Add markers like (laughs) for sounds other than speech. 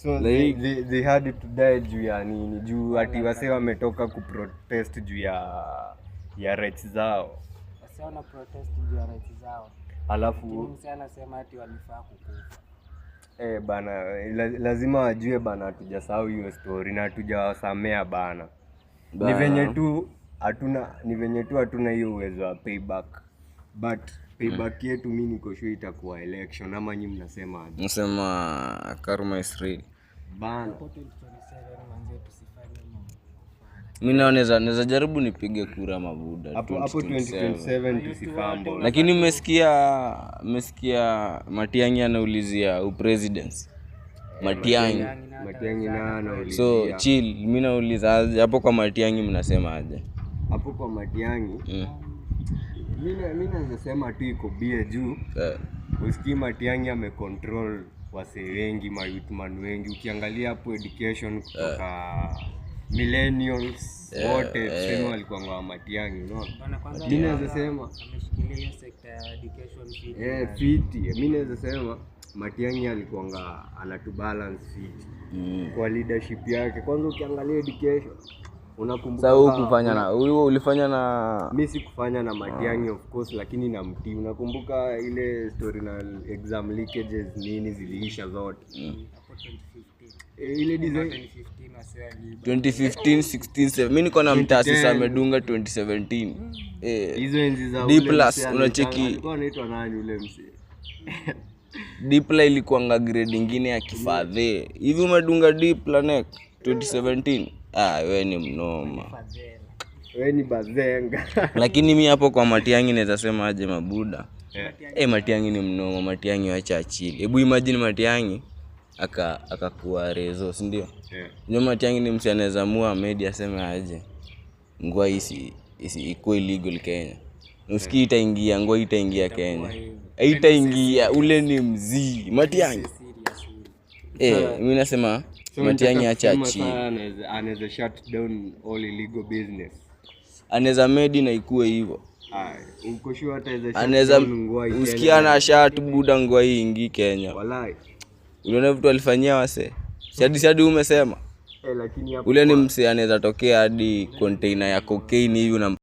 So like, they, they had to die juu ya nini? Juu ati wase wametoka kuprotest juu ya ya rights zao. Wase wana protest juu ya rights zao. Alafu msee anasema ati walifaa kukufa. Eh, bana lazima wajue bana, hatujasahau hiyo story na hatujawasamea bana. Ni venye tu hatuna ni venye tu hatuna hiyo uwezo wa payback but Payback mm. yetu mimi niko sure itakuwa election, ama nyinyi mnasema aje? Nasema karma is bana. Mimi naoneza naweza jaribu nipige kura mabuda hapo hapo 2027 tusifambe, lakini mmesikia mmesikia Matiang'i anaulizia upresidency eh, Matiang'i Matiang'i na so chill. Mimi nauliza hapo kwa Matiang'i mnasema aje hapo kwa Matiang'i mm mi naweza sema tu iko bia juu yeah. Usikii Matiang'i amecontrol wasee wengi mayuthman wengi, ukiangalia hapo education eh. kutoka yeah. millennials eh, wote yeah. tuseme yeah. walikuwa wa Matiang'i unaona. Mi naweza sema eh, fiti mi naweza sema Matiang'i alikuwanga anatubalance fiti mm. kwa leadership yake. Kwanza ukiangalia education Unakumbuka sasa kufanya na wewe ulifanya na mimi sikufanya na Matiang'i of course, lakini na mti. Unakumbuka ile story na exam leakages nini ziliisha zote mm. Eh, ile design 2015 2015 16 mimi niko na mtasi sasa amedunga 2017 eh, hizo enzi za D plus unacheki, alikuwa anaitwa nani yule msi Dipla ilikuwanga grade ingine ya kifadhe hivi, umedunga Dipla nek 2017 Ah, we ni mnoma, we ni bazenga (laughs) lakini mi hapo kwa Matiangi naweza sema aje mabuda yeah. Eh, Matiangi ni mnoma, Matiangi wacha achili. Hebu imagine Matiangi aka akakuwa rezo, si ndio? Yeah. Ndio Matiangi ni msi anaweza mua medi aseme aje ngwa isi, isi iko illegal Kenya usikii itaingia ngwa itaingia Kenya eh, itaingia ule ni mzii Matiangi. Eh, mimi nasema Matiang'i acha anaweza medi na ikue hivyo usikia na shat buda ngua hii ingi Kenya. ulione vitu alifanyia wase siadi siadi, umesema eh, ule ni mse anaweza tokea hadi konteina ya cocaine hivi na